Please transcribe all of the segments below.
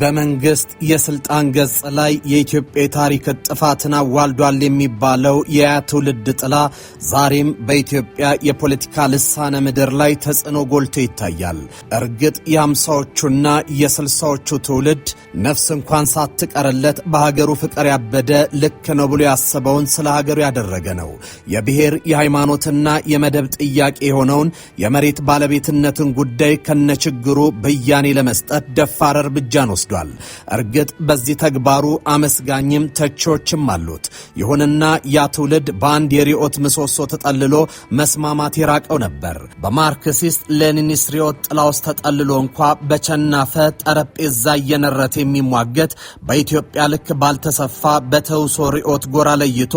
በመንግስት የስልጣን ገጽ ላይ የኢትዮጵያ ታሪክ ጥፋትን አዋልዷል የሚባለው የያ ትውልድ ጥላ ዛሬም በኢትዮጵያ የፖለቲካ ልሳነ ምድር ላይ ተጽዕኖ ጎልቶ ይታያል። እርግጥ የአምሳዎቹና የስልሳዎቹ ትውልድ ነፍስ እንኳን ሳትቀርለት በሀገሩ ፍቅር ያበደ ልክ ነው ብሎ ያስበውን ስለ ሀገሩ ያደረገ ነው። የብሔር የሃይማኖትና የመደብ ጥያቄ የሆነውን የመሬት ባለቤትነትን ጉዳይ ከነችግሩ ብያኔ ለመስጠት ደፋር እርምጃን ነው። ወስዷል። እርግጥ በዚህ ተግባሩ አመስጋኝም ተቺዎችም አሉት። ይሁንና ያ ትውልድ በአንድ የርዕዮት ምሰሶ ተጠልሎ መስማማት የራቀው ነበር። በማርክሲስት ሌኒኒስ ርዕዮት ጥላ ውስጥ ተጠልሎ እንኳ በቸናፈ ጠረጴዛ እየነረተ የሚሟገት በኢትዮጵያ ልክ ባልተሰፋ በተውሶ ርዕዮት ጎራ ለይቶ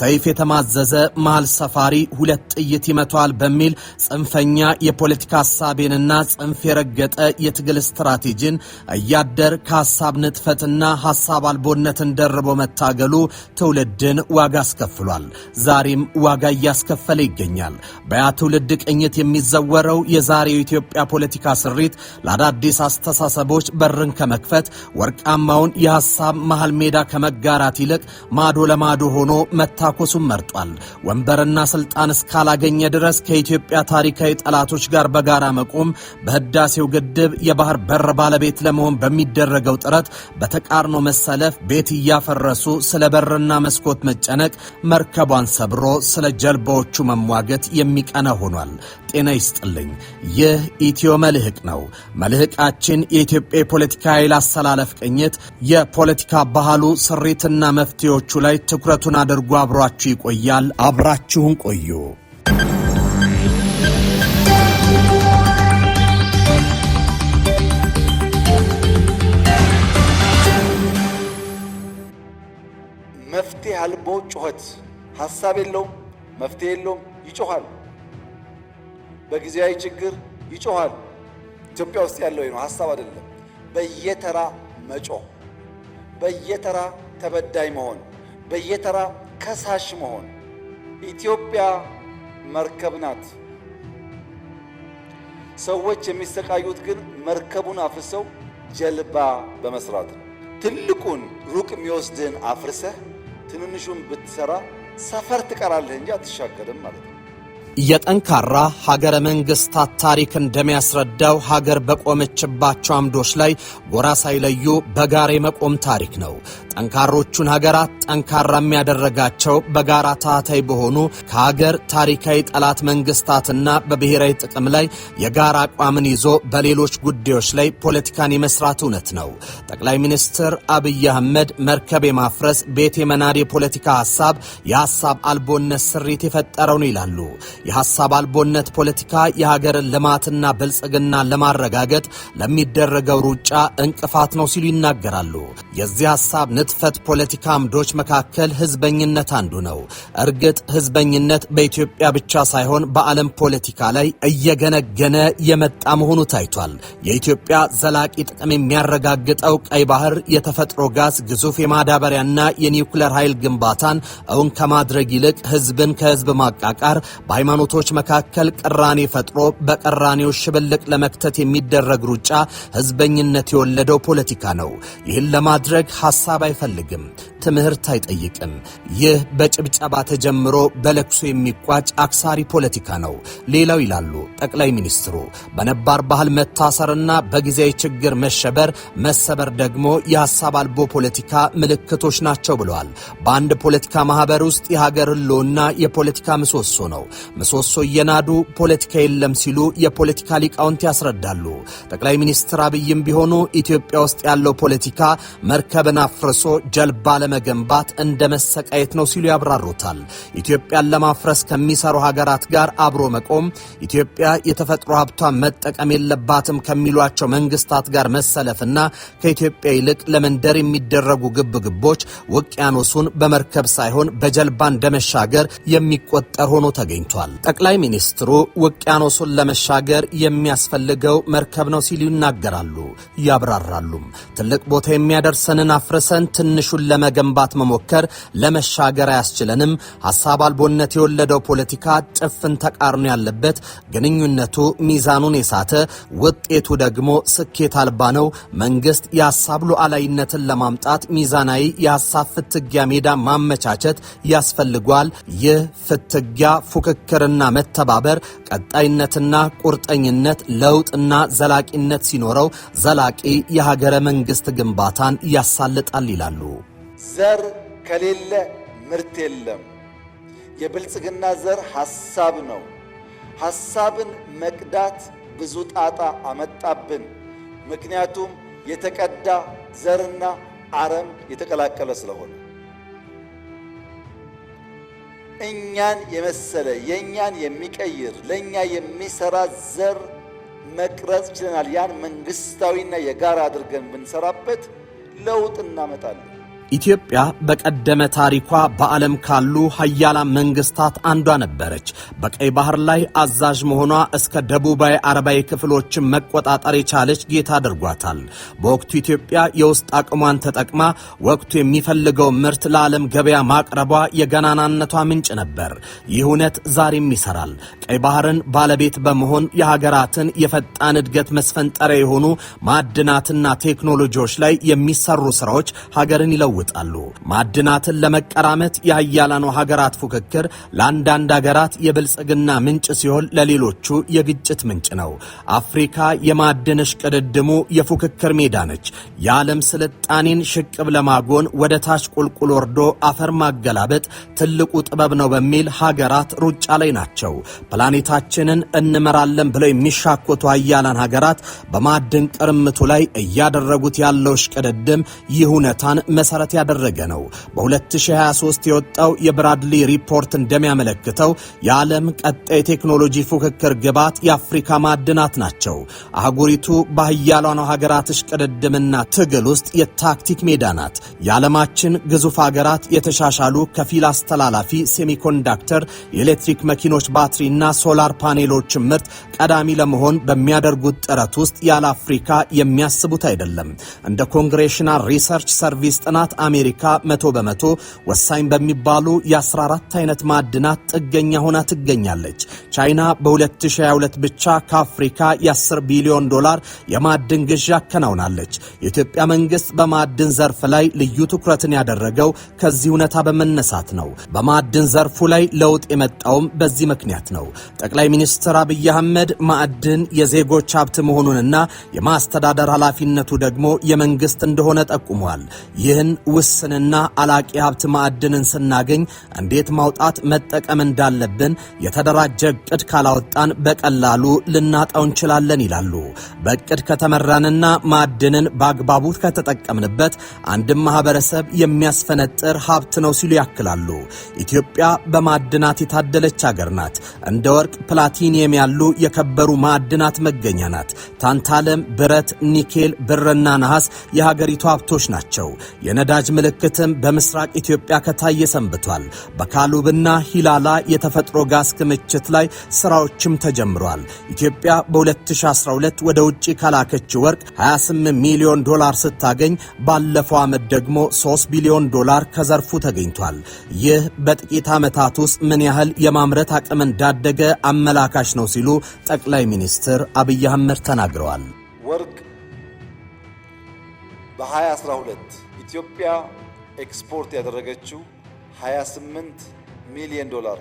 ሰይፍ የተማዘዘ መሃል ሰፋሪ ሁለት ጥይት ይመቷል በሚል ጽንፈኛ የፖለቲካ ሀሳቤንና ጽንፍ የረገጠ የትግል ስትራቴጂን እያደር ከሐሳብ ንጥፈትና ሐሳብ አልቦነትን ደርቦ መታገሉ ትውልድን ዋጋ አስከፍሏል። ዛሬም ዋጋ እያስከፈለ ይገኛል። በያ ትውልድ ቅኝት የሚዘወረው የዛሬው ኢትዮጵያ ፖለቲካ ስሪት ለአዳዲስ አስተሳሰቦች በርን ከመክፈት ወርቃማውን የሐሳብ መሃል ሜዳ ከመጋራት ይልቅ ማዶ ለማዶ ሆኖ መታኮሱን መርጧል። ወንበርና ስልጣን እስካላገኘ ድረስ ከኢትዮጵያ ታሪካዊ ጠላቶች ጋር በጋራ መቆም በህዳሴው ግድብ የባህር በር ባለቤት ለመሆን በሚደ በሚደረገው ጥረት በተቃርኖ መሰለፍ ቤት እያፈረሱ ስለ በርና መስኮት መጨነቅ፣ መርከቧን ሰብሮ ስለ ጀልባዎቹ መሟገት የሚቀና ሆኗል። ጤና ይስጥልኝ። ይህ ኢትዮ መልህቅ ነው። መልህቃችን የኢትዮጵያ የፖለቲካ ኃይል አሰላለፍ ቅኝት፣ የፖለቲካ ባህሉ ስሪትና መፍትሄዎቹ ላይ ትኩረቱን አድርጎ አብሯችሁ ይቆያል። አብራችሁን ቆዩ። የአልቦ ጩኸት ሀሳብ የለውም፣ መፍትሄ የለውም። ይጮኋል፣ በጊዜያዊ ችግር ይጮኋል። ኢትዮጵያ ውስጥ ያለው ነው፣ ሀሳብ አይደለም። በየተራ መጮህ፣ በየተራ ተበዳይ መሆን፣ በየተራ ከሳሽ መሆን። ኢትዮጵያ መርከብ ናት። ሰዎች የሚሰቃዩት ግን መርከቡን አፍርሰው ጀልባ በመስራት ነው። ትልቁን ሩቅ የሚወስድህን አፍርሰህ ትንንሹን ብትሰራ ሰፈር ትቀራለህ እንጂ አትሻገርም ማለት ነው። የጠንካራ ሀገረ መንግስታት ታሪክ እንደሚያስረዳው ሀገር በቆመችባቸው አምዶች ላይ ጎራ ሳይለዩ በጋራ መቆም ታሪክ ነው። ጠንካሮቹን ሀገራት ጠንካራ የሚያደረጋቸው በጋራ ታህታይ በሆኑ ከሀገር ታሪካዊ ጠላት መንግስታትና በብሔራዊ ጥቅም ላይ የጋራ አቋምን ይዞ በሌሎች ጉዳዮች ላይ ፖለቲካን የመስራት እውነት ነው። ጠቅላይ ሚኒስትር አብይ አህመድ መርከብ የማፍረስ ቤት የመናድ የፖለቲካ ሀሳብ የሀሳብ አልቦነት ስሪት የፈጠረው ነው ይላሉ። የሀሳብ አልቦነት ፖለቲካ የሀገርን ልማትና ብልጽግና ለማረጋገጥ ለሚደረገው ሩጫ እንቅፋት ነው ሲሉ ይናገራሉ። የዚህ ሀሳብ የቅጥፈት ፖለቲካ አምዶች መካከል ህዝበኝነት አንዱ ነው። እርግጥ ህዝበኝነት በኢትዮጵያ ብቻ ሳይሆን በዓለም ፖለቲካ ላይ እየገነገነ የመጣ መሆኑ ታይቷል። የኢትዮጵያ ዘላቂ ጥቅም የሚያረጋግጠው ቀይ ባህር፣ የተፈጥሮ ጋዝ፣ ግዙፍ የማዳበሪያና የኒውክለር ኃይል ግንባታን እውን ከማድረግ ይልቅ ህዝብን ከህዝብ ማቃቃር፣ በሃይማኖቶች መካከል ቅራኔ ፈጥሮ በቅራኔው ሽብልቅ ለመክተት የሚደረግ ሩጫ ህዝበኝነት የወለደው ፖለቲካ ነው። ይህን ለማድረግ ሀሳብ ። አይፈልግም። ትምህርት አይጠይቅም። ይህ በጭብጨባ ተጀምሮ በለቅሶ የሚቋጭ አክሳሪ ፖለቲካ ነው። ሌላው ይላሉ ጠቅላይ ሚኒስትሩ በነባር ባህል መታሰርና በጊዜያዊ ችግር መሸበር መሰበር ደግሞ የሀሳብ አልቦ ፖለቲካ ምልክቶች ናቸው ብለዋል። በአንድ ፖለቲካ ማህበር ውስጥ የሀገር ህልውና የፖለቲካ ምሰሶ ነው። ምሰሶ እየናዱ ፖለቲካ የለም ሲሉ የፖለቲካ ሊቃውንት ያስረዳሉ። ጠቅላይ ሚኒስትር አብይም ቢሆኑ ኢትዮጵያ ውስጥ ያለው ፖለቲካ መርከብን አፍርሶ ደርሶ ጀልባ ለመገንባት እንደ መሰቃየት ነው ሲሉ ያብራሩታል። ኢትዮጵያን ለማፍረስ ከሚሰሩ ሀገራት ጋር አብሮ መቆም፣ ኢትዮጵያ የተፈጥሮ ሀብቷን መጠቀም የለባትም ከሚሏቸው መንግስታት ጋር መሰለፍና ከኢትዮጵያ ይልቅ ለመንደር የሚደረጉ ግብግቦች ውቅያኖሱን በመርከብ ሳይሆን በጀልባ እንደመሻገር የሚቆጠር ሆኖ ተገኝቷል። ጠቅላይ ሚኒስትሩ ውቅያኖሱን ለመሻገር የሚያስፈልገው መርከብ ነው ሲሉ ይናገራሉ፣ ያብራራሉም። ትልቅ ቦታ የሚያደርሰንን አፍርሰን ትንሹን ለመገንባት መሞከር ለመሻገር አያስችለንም። ሀሳብ አልቦነት የወለደው ፖለቲካ ጭፍን ተቃርኖ ያለበት፣ ግንኙነቱ ሚዛኑን የሳተ፣ ውጤቱ ደግሞ ስኬት አልባ ነው። መንግስት የሀሳብ ሉዓላዊነትን ለማምጣት ሚዛናዊ የሀሳብ ፍትጊያ ሜዳ ማመቻቸት ያስፈልጓል። ይህ ፍትጊያ ፉክክርና መተባበር፣ ቀጣይነትና ቁርጠኝነት፣ ለውጥና ዘላቂነት ሲኖረው ዘላቂ የሀገረ መንግስት ግንባታን ያሳልጣል ይላል። ይላሉ። ዘር ከሌለ ምርት የለም። የብልጽግና ዘር ሐሳብ ነው። ሐሳብን መቅዳት ብዙ ጣጣ አመጣብን። ምክንያቱም የተቀዳ ዘርና አረም የተቀላቀለ ስለሆነ እኛን የመሰለ የእኛን የሚቀይር ለእኛ የሚሰራ ዘር መቅረጽ ችለናል። ያን መንግስታዊና የጋራ አድርገን ብንሰራበት ለውጥ እናመጣለን። ኢትዮጵያ በቀደመ ታሪኳ በዓለም ካሉ ሀያላን መንግስታት አንዷ ነበረች። በቀይ ባህር ላይ አዛዥ መሆኗ እስከ ደቡባዊ አረባዊ ክፍሎችን መቆጣጠር የቻለች ጌታ አድርጓታል። በወቅቱ ኢትዮጵያ የውስጥ አቅሟን ተጠቅማ ወቅቱ የሚፈልገው ምርት ለዓለም ገበያ ማቅረቧ የገናናነቷ ምንጭ ነበር። ይህ እውነት ዛሬም ይሰራል። ቀይ ባህርን ባለቤት በመሆን የሀገራትን የፈጣን እድገት መስፈንጠሪያ የሆኑ ማዕድናትና ቴክኖሎጂዎች ላይ የሚሰሩ ስራዎች ሀገርን ይለውጣል። ይለውጣሉ። ማዕድናትን ለመቀራመት የአያላኑ ሀገራት ፉክክር ለአንዳንድ ሀገራት የብልጽግና ምንጭ ሲሆን፣ ለሌሎቹ የግጭት ምንጭ ነው። አፍሪካ የማዕድን እሽቅድድሙ የፉክክር ሜዳ ነች። የዓለም ስልጣኔን ሽቅብ ለማጎን ወደ ታች ቁልቁል ወርዶ አፈር ማገላበጥ ትልቁ ጥበብ ነው በሚል ሀገራት ሩጫ ላይ ናቸው። ፕላኔታችንን እንመራለን ብለው የሚሻኮቱ አያላን ሀገራት በማዕድን ቅርምቱ ላይ እያደረጉት ያለው እሽቅድድም ይህ እውነታን መሰረት መሠረት ያደረገ ነው። በ2023 የወጣው የብራድሊ ሪፖርት እንደሚያመለክተው የዓለም ቀጣይ የቴክኖሎጂ ፉክክር ግብዓት የአፍሪካ ማዕድናት ናቸው። አህጉሪቱ በህያሏኗ ሀገራት እሽቅድድምና ትግል ውስጥ የታክቲክ ሜዳ ናት። የዓለማችን ግዙፍ ሀገራት የተሻሻሉ ከፊል አስተላላፊ ሴሚኮንዳክተር፣ የኤሌክትሪክ መኪኖች ባትሪና ሶላር ፓኔሎች ምርት ቀዳሚ ለመሆን በሚያደርጉት ጥረት ውስጥ ያለ አፍሪካ የሚያስቡት አይደለም። እንደ ኮንግሬሽናል ሪሰርች ሰርቪስ ጥናት አሜሪካ መቶ በመቶ ወሳኝ በሚባሉ የ14 አይነት ማዕድናት ጥገኛ ሆና ትገኛለች። ቻይና በ2022 ብቻ ከአፍሪካ የ10 ቢሊዮን ዶላር የማዕድን ግዥ አከናውናለች። የኢትዮጵያ መንግስት በማዕድን ዘርፍ ላይ ልዩ ትኩረትን ያደረገው ከዚህ እውነታ በመነሳት ነው። በማዕድን ዘርፉ ላይ ለውጥ የመጣውም በዚህ ምክንያት ነው። ጠቅላይ ሚኒስትር አብይ አህመድ ማዕድን የዜጎች ሀብት መሆኑንና የማስተዳደር ኃላፊነቱ ደግሞ የመንግስት እንደሆነ ጠቁሟል። ይህን ውስንና አላቂ ሀብት ማዕድንን ስናገኝ እንዴት ማውጣት መጠቀም እንዳለብን የተደራጀ እቅድ ካላወጣን በቀላሉ ልናጣው እንችላለን ይላሉ። በእቅድ ከተመራንና ማዕድንን በአግባቡ ከተጠቀምንበት አንድን ማህበረሰብ የሚያስፈነጥር ሀብት ነው ሲሉ ያክላሉ። ኢትዮጵያ በማዕድናት የታደለች ሀገር ናት። እንደ ወርቅ፣ ፕላቲኒየም ያሉ የከበሩ ማዕድናት መገኛ ናት። ታንታለም፣ ብረት፣ ኒኬል፣ ብርና ነሐስ የሀገሪቱ ሀብቶች ናቸው። የነዳ የወዳጅ ምልክትም በምስራቅ ኢትዮጵያ ከታየ ሰንብቷል። በካሉብና ሂላላ የተፈጥሮ ጋዝ ክምችት ላይ ስራዎችም ተጀምሯል። ኢትዮጵያ በ2012 ወደ ውጭ ከላከች ወርቅ 28 ሚሊዮን ዶላር ስታገኝ ባለፈው ዓመት ደግሞ 3 ቢሊዮን ዶላር ከዘርፉ ተገኝቷል። ይህ በጥቂት ዓመታት ውስጥ ምን ያህል የማምረት አቅም እንዳደገ አመላካሽ ነው ሲሉ ጠቅላይ ሚኒስትር አብይ አህመድ ተናግረዋል። ወርቅ በ2012 ኢትዮጵያ ኤክስፖርት ያደረገችው 28 ሚሊዮን ዶላር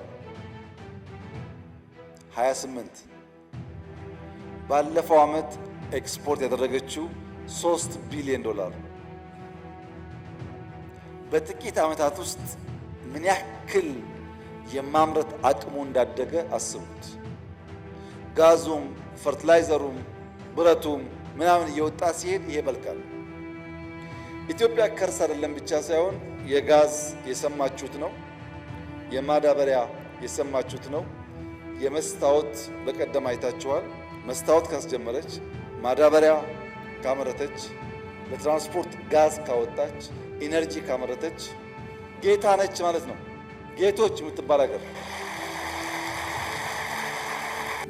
28 ባለፈው ዓመት ኤክስፖርት ያደረገችው 3 ቢሊዮን ዶላር በጥቂት ዓመታት ውስጥ ምን ያክል የማምረት አቅሙ እንዳደገ አስቡት። ጋዙም፣ ፈርትላይዘሩም፣ ብረቱም ምናምን እየወጣ ሲሄድ ይሄ በልካል። ኢትዮጵያ ከርስ አይደለም ብቻ ሳይሆን የጋዝ የሰማችሁት ነው፣ የማዳበሪያ የሰማችሁት ነው፣ የመስታወት በቀደም አይታችኋል። መስታወት ካስጀመረች፣ ማዳበሪያ ካመረተች፣ ለትራንስፖርት ጋዝ ካወጣች፣ ኢነርጂ ካመረተች ጌታ ነች ማለት ነው። ጌቶች የምትባል ሀገር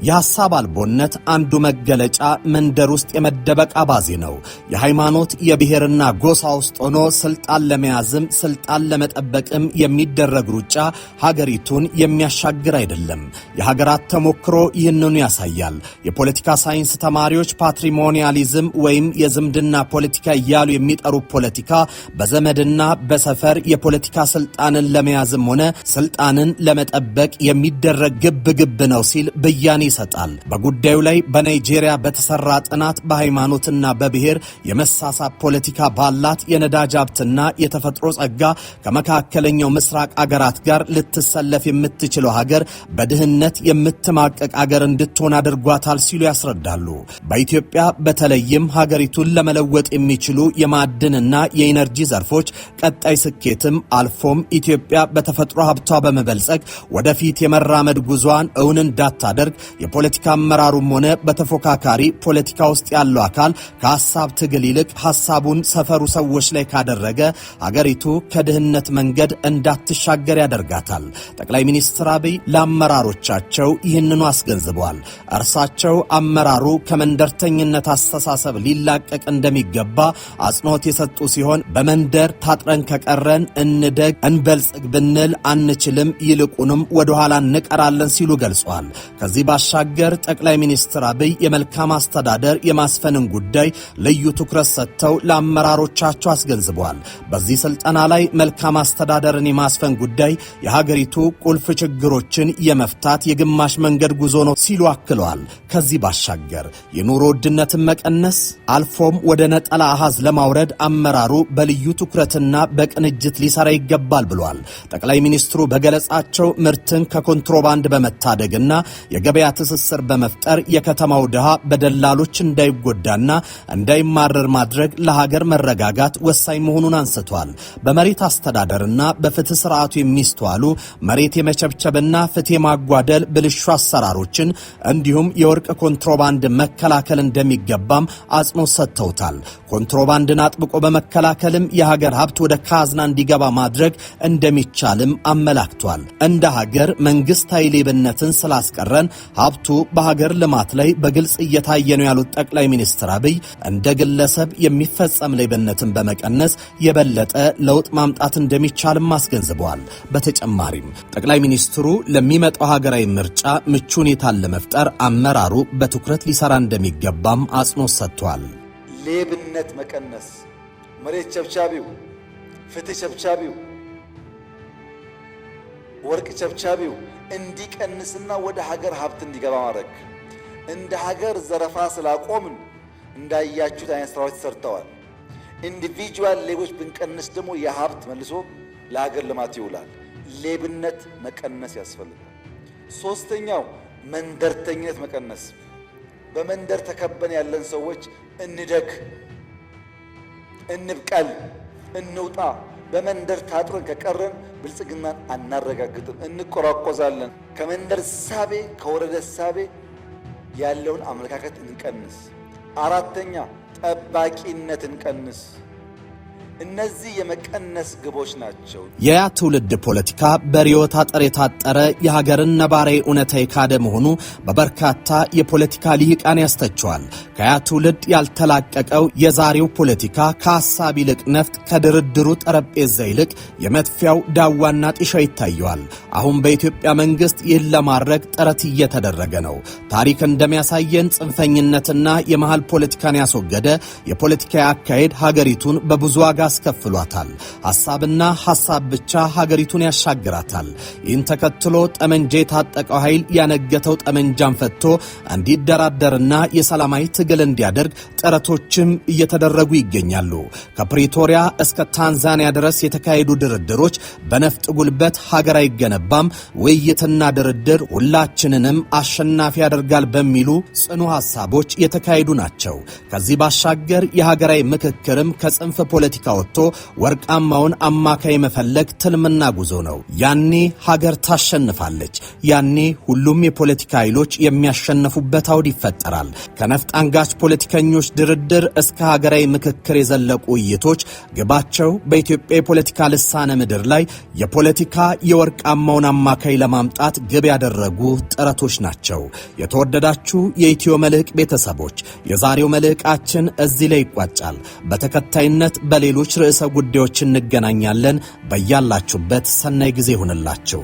የሐሳብ አልቦነት አንዱ መገለጫ መንደር ውስጥ የመደበቅ አባዜ ነው። የሃይማኖት የብሔርና ጎሳ ውስጥ ሆኖ ስልጣን ለመያዝም ስልጣን ለመጠበቅም የሚደረግ ሩጫ ሀገሪቱን የሚያሻግር አይደለም። የሀገራት ተሞክሮ ይህንኑ ያሳያል። የፖለቲካ ሳይንስ ተማሪዎች ፓትሪሞኒያሊዝም ወይም የዝምድና ፖለቲካ እያሉ የሚጠሩ ፖለቲካ በዘመድና በሰፈር የፖለቲካ ስልጣንን ለመያዝም ሆነ ስልጣንን ለመጠበቅ የሚደረግ ግብ ግብ ነው ሲል ብያኔ ይሰጣል። በጉዳዩ ላይ በናይጄሪያ በተሰራ ጥናት በሃይማኖትና በብሔር የመሳሳት ፖለቲካ ባላት የነዳጅ ሀብትና የተፈጥሮ ጸጋ ከመካከለኛው ምስራቅ አገራት ጋር ልትሰለፍ የምትችለው ሀገር በድህነት የምትማቀቅ አገር እንድትሆን አድርጓታል ሲሉ ያስረዳሉ። በኢትዮጵያ በተለይም ሀገሪቱን ለመለወጥ የሚችሉ የማዕድንና የኢነርጂ ዘርፎች ቀጣይ ስኬትም አልፎም ኢትዮጵያ በተፈጥሮ ሀብቷ በመበልጸግ ወደፊት የመራመድ ጉዟን እውን እንዳታደርግ የፖለቲካ አመራሩም ሆነ በተፎካካሪ ፖለቲካ ውስጥ ያለው አካል ከሀሳብ ትግል ይልቅ ሀሳቡን ሰፈሩ ሰዎች ላይ ካደረገ አገሪቱ ከድህነት መንገድ እንዳትሻገር ያደርጋታል። ጠቅላይ ሚኒስትር አብይ ለአመራሮቻቸው ይህንኑ አስገንዝበዋል። እርሳቸው አመራሩ ከመንደርተኝነት አስተሳሰብ ሊላቀቅ እንደሚገባ አጽንኦት የሰጡ ሲሆን በመንደር ታጥረን ከቀረን እንደግ እንበልጽግ ብንል አንችልም፣ ይልቁንም ወደኋላ እንቀራለን ሲሉ ገልጿል። ከዚህ ባሻገር ጠቅላይ ሚኒስትር አብይ የመልካም አስተዳደር የማስፈንን ጉዳይ ልዩ ትኩረት ሰጥተው ለአመራሮቻቸው አስገንዝበዋል። በዚህ ስልጠና ላይ መልካም አስተዳደርን የማስፈን ጉዳይ የሀገሪቱ ቁልፍ ችግሮችን የመፍታት የግማሽ መንገድ ጉዞ ነው ሲሉ አክለዋል። ከዚህ ባሻገር የኑሮ ውድነትን መቀነስ አልፎም ወደ ነጠላ አሃዝ ለማውረድ አመራሩ በልዩ ትኩረትና በቅንጅት ሊሰራ ይገባል ብሏል። ጠቅላይ ሚኒስትሩ በገለጻቸው ምርትን ከኮንትሮባንድ በመታደግና የገበያ ትስስር በመፍጠር የከተማው ድሃ በደላሎች እንዳይጎዳና እንዳይማረር ማድረግ ለሀገር መረጋጋት ወሳኝ መሆኑን አንስቷል። በመሬት አስተዳደርና በፍትህ ስርዓቱ የሚስተዋሉ መሬት የመቸብቸብና ፍትህ የማጓደል ብልሹ አሰራሮችን እንዲሁም የወርቅ ኮንትሮባንድ መከላከል እንደሚገባም አጽንኦት ሰጥተውታል። ኮንትሮባንድን አጥብቆ በመከላከልም የሀገር ሀብት ወደ ካዝና እንዲገባ ማድረግ እንደሚቻልም አመላክቷል። እንደ ሀገር መንግስታዊ ሌብነትን ስላስቀረን ሀብቱ በሀገር ልማት ላይ በግልጽ እየታየ ነው ያሉት ጠቅላይ ሚኒስትር አብይ እንደ ግለሰብ የሚፈጸም ሌብነትን በመቀነስ የበለጠ ለውጥ ማምጣት እንደሚቻልም አስገንዝበዋል። በተጨማሪም ጠቅላይ ሚኒስትሩ ለሚመጣው ሀገራዊ ምርጫ ምቹ ሁኔታን ለመፍጠር አመራሩ በትኩረት ሊሰራ እንደሚገባም አጽንኦት ሰጥቷል። ሌብነት መቀነስ፣ መሬት ቸብቻቢው፣ ፍትህ ቸብቻቢው ወርቅ ቸብቻቢው እንዲቀንስና ወደ ሀገር ሀብት እንዲገባ ማድረግ እንደ ሀገር ዘረፋ ስላቆምን እንዳያችሁት አይነት ስራዎች ሰርተዋል። ኢንዲቪጁዋል ሌቦች ብንቀንስ ደግሞ የሀብት መልሶ ለሀገር ልማት ይውላል። ሌብነት መቀነስ ያስፈልጋል። ሶስተኛው መንደርተኝነት መቀነስ። በመንደር ተከበን ያለን ሰዎች እንደግ፣ እንብቀል፣ እንውጣ በመንደር ታጥረን ከቀረን ብልጽግናን አናረጋግጥም፣ እንቆራቆዛለን። ከመንደር ሳቤ ከወረደ ሳቤ ያለውን አመለካከት እንቀንስ። አራተኛ ጠባቂነት እንቀንስ። እነዚህ የመቀነስ ግቦች ናቸው። የያ ትውልድ ፖለቲካ በርዕዮተ ዓጠር የታጠረ የሀገርን ነባራዊ እውነታ የካደ መሆኑ በበርካታ የፖለቲካ ልሂቃን ያስተቸዋል። ከያ ትውልድ ያልተላቀቀው የዛሬው ፖለቲካ ከሀሳብ ይልቅ ነፍጥ፣ ከድርድሩ ጠረጴዛ ይልቅ የመጥፊያው ዳዋና ጢሻ ይታየዋል። አሁን በኢትዮጵያ መንግስት ይህን ለማድረግ ጥረት እየተደረገ ነው። ታሪክ እንደሚያሳየን ጽንፈኝነትና የመሃል ፖለቲካን ያስወገደ የፖለቲካ አካሄድ ሀገሪቱን በብዙ ዋጋ አስከፍሏታል። ሐሳብና ሐሳብ ብቻ ሀገሪቱን ያሻግራታል። ይህን ተከትሎ ጠመንጃ የታጠቀው ኃይል ያነገተው ጠመንጃን ፈትቶ እንዲደራደርና የሰላማዊ ትግል እንዲያደርግ ጥረቶችም እየተደረጉ ይገኛሉ። ከፕሪቶሪያ እስከ ታንዛኒያ ድረስ የተካሄዱ ድርድሮች በነፍጥ ጉልበት ሀገር አይገነባም፣ ውይይትና ድርድር ሁላችንንም አሸናፊ ያደርጋል በሚሉ ጽኑ ሐሳቦች የተካሄዱ ናቸው። ከዚህ ባሻገር የሀገራዊ ምክክርም ከጽንፍ ፖለቲካ ወጥቶ ወርቃማውን አማካይ መፈለግ ትልምና ጉዞ ነው። ያኔ ሀገር ታሸንፋለች። ያኔ ሁሉም የፖለቲካ ኃይሎች የሚያሸነፉበት አውድ ይፈጠራል። ከነፍጥ አንጋች ፖለቲከኞች ድርድር እስከ ሀገራዊ ምክክር የዘለቁ ውይይቶች ግባቸው በኢትዮጵያ የፖለቲካ ልሳነ ምድር ላይ የፖለቲካ የወርቃማውን አማካይ ለማምጣት ግብ ያደረጉ ጥረቶች ናቸው። የተወደዳችሁ የኢትዮ መልህቅ ቤተሰቦች የዛሬው መልህቃችን እዚህ ላይ ይቋጫል። በተከታይነት በሌሎች በሌሎች ርዕሰ ጉዳዮች እንገናኛለን። በያላችሁበት ሰናይ ጊዜ ይሁንላችሁ።